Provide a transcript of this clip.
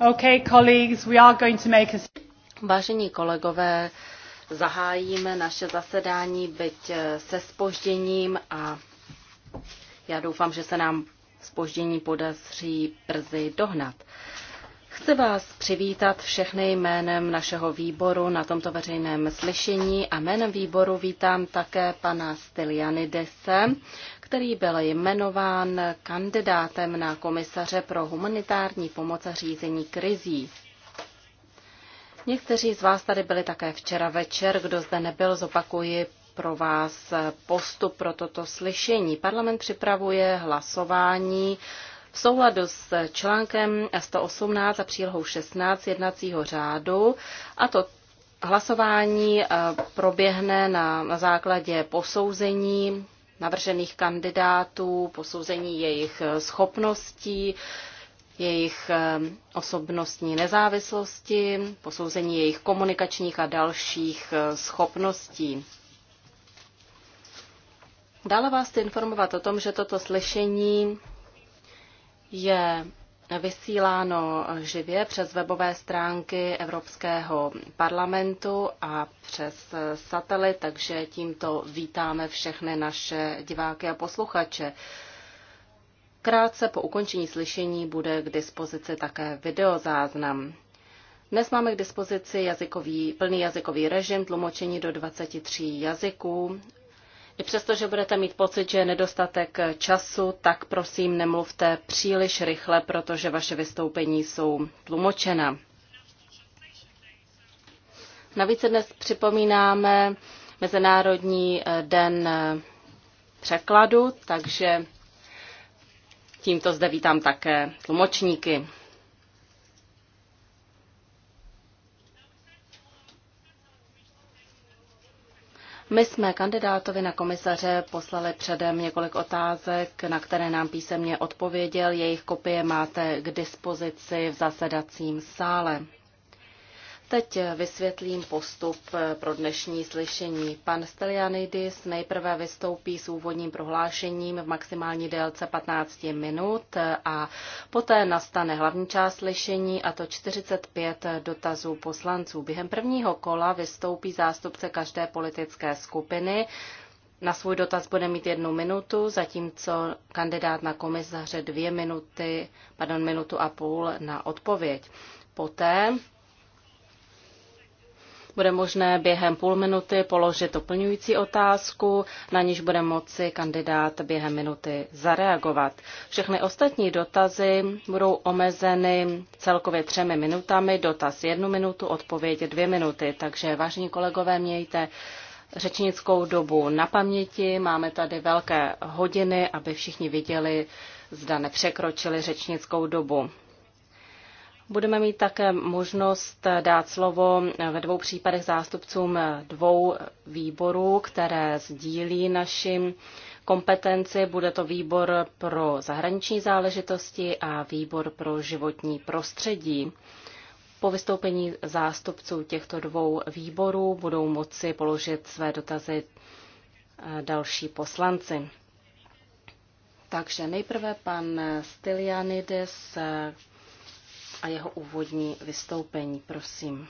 Okay, colleagues, we are going to make a... Vážení kolegové, zahájíme naše zasedání, byť eh, se spožděním a já doufám, že se nám spoždění podaří brzy dohnat. Chci vás přivítat všechny jménem našeho výboru na tomto veřejném slyšení a jménem výboru vítám také pana Stylianidese, který byl jmenován kandidátem na komisaře pro humanitární pomoc a řízení krizí. Někteří z vás tady byli také včera večer, kdo zde nebyl, zopakuji pro vás postup pro toto slyšení. Parlament připravuje hlasování v souladu s článkem 118 a přílohou 16 jednacího řádu a to hlasování eh, proběhne na základě posouzení navržených kandidátů, posouzení jejich eh, schopností, jejich eh, osobnostní nezávislosti, posouzení jejich komunikačních a dalších schopností. Dále vás informovat o tom, že toto slyšení je vysíláno živě přes webové stránky Evropského parlamentu a přes satelit, takže tímto vítáme všechny naše diváky a posluchače. Krátce po ukončení slyšení bude k dispozici také videozáznam. Dnes máme k dispozici jazykový, plný jazykový režim, tlumočení do 23 jazyků i přesto, že budete mít pocit, že je nedostatek času, tak prosím nemluvte příliš rychle, protože vaše vystoupení jsou tlumočena. Navíc dnes připomínáme Mezinárodní eh, den eh, překladu, takže tímto zde vítám také tlumočníky. My jsme kandidátovi na komisaře poslali předem několik otázek, na které nám písemně odpověděl. Jejich kopie máte k dispozici v zasedacím sále. Teď vysvětlím postup pro dnešní slyšení. Pan Stelianidis nejprve vystoupí s úvodním prohlášením v maximální délce 15 minut a Poté nastane hlavní část slyšení a to 45 dotazů poslanců. Během prvního kola vystoupí zástupce každé politické skupiny. Na svůj dotaz bude mít jednu minutu, zatímco kandidát na komisaře dvě minuty, pardon, minutu a půl na odpověď. Poté bude možné během půl minuty položit doplňující otázku, na níž bude moci kandidát během minuty zareagovat. Všechny ostatní dotazy budou omezeny celkově třemi minutami, dotaz jednu minutu, odpověď dvě minuty. Takže, vážení kolegové, mějte řečnickou dobu na paměti. Máme tady velké hodiny, aby všichni viděli, zda nepřekročili řečnickou dobu. Budeme mít také možnost dát slovo ve dvou případech zástupcům dvou výborů, které sdílí naši kompetenci. Bude to výbor pro zahraniční záležitosti a výbor pro životní prostředí. Po vystoupení zástupců těchto dvou výborů budou moci položit své dotazy další poslanci. Takže nejprve pan Stylianides a jeho úvodní vystoupení. Prosím.